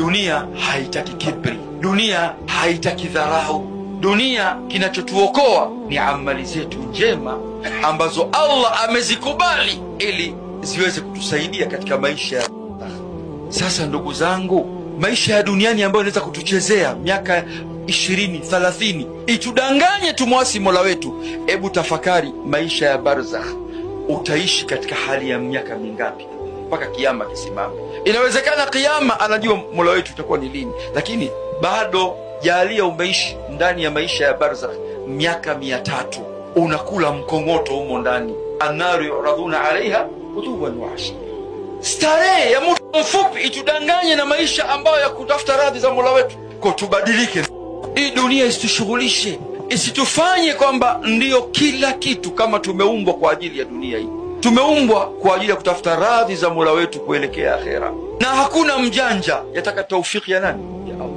Dunia haitaki kibri, dunia haitaki dharau. Dunia kinachotuokoa ni amali zetu njema ambazo Allah amezikubali ili ziweze kutusaidia katika maisha ya sasa. Ndugu zangu, maisha ya duniani ambayo inaweza kutuchezea miaka ishirini thalathini itudanganye tumwasi mola wetu. Hebu tafakari maisha ya barzakh, utaishi katika hali ya miaka mingapi? mpaka kiama kisimame. Inawezekana kiama anajua mola wetu itakuwa ni lini, lakini bado jalia umeishi ndani ya maisha ya barzakh miaka mia tatu unakula mkongoto humo ndani, annaru yuradhuna alaiha uduwan wa Starehe ya muda mfupi itudanganye na maisha ambayo ya kutafuta radhi za mola wetu. Ko, tubadilike. Hii dunia isitushughulishe, isitufanye kwamba ndiyo kila kitu, kama tumeumbwa kwa ajili ya dunia hii. Tumeumbwa kwa ajili ya kutafuta radhi za Mola wetu kuelekea akhera, na hakuna mjanja yataka taufiki ya nani? Ya Allah.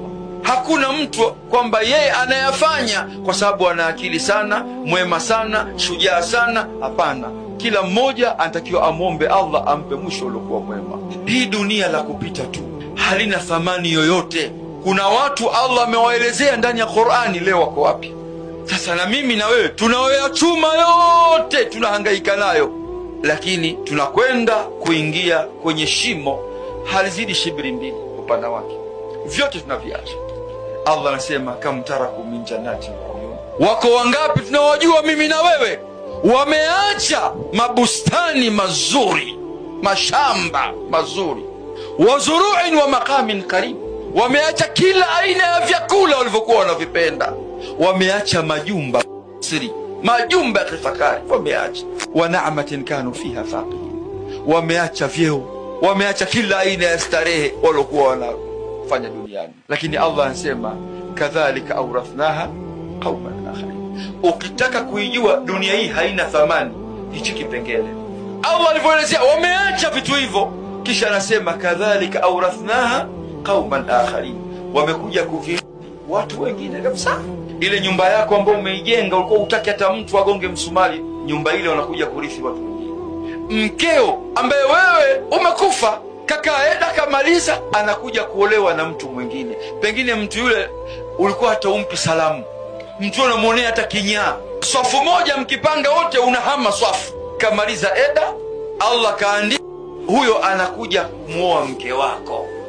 Hakuna mtu kwamba yeye anayafanya kwa sababu ana akili sana, mwema sana, shujaa sana. Hapana, kila mmoja anatakiwa amwombe Allah ampe mwisho uliokuwa mwema. Hii dunia la kupita tu, halina thamani yoyote. Kuna watu Allah amewaelezea ndani ya Qur'ani, leo wako wapi? Sasa na mimi na wewe tunaoyachuma yote tunahangaika nayo lakini tunakwenda kuingia kwenye shimo halizidi shibiri mbili upana wake, vyote tunaviacha. Allah anasema kamtaraku min jannati wako wangapi tunawajua mimi na wewe wameacha mabustani mazuri, mashamba mazuri, wazuruin wa maqamin karim, wameacha kila aina ya vyakula walivyokuwa wanavipenda, wameacha majumba siri majumba ya kifakari wameacha, wa naamatin kanu fiha faqihin, wameacha vyeo, wameacha kila aina ya starehe waliokuwa wanafanya duniani. Lakini Allah anasema kadhalika aurathnaha qauman akharin. Ukitaka kuijua dunia hii haina thamani, hichi kipengele Allah alivyoelezea, wameacha vitu hivyo, kisha anasema kadhalika aurathnaha qauman akharin, wamekuja kuvi watu wengine kabisa ile nyumba yako ambayo umeijenga ulikuwa utaki hata mtu agonge msumari, nyumba ile wanakuja kurithi watu wengine. Mkeo ambaye wewe umekufa kaka aenda kamaliza, anakuja kuolewa na mtu mwingine. Pengine mtu yule ulikuwa hata umpi salamu, mtu yule unamwonea hata kinyaa. Swafu moja mkipanga wote, unahama swafu. Kamaliza eda, Allah kaandika huyo anakuja kumwoa mke wako.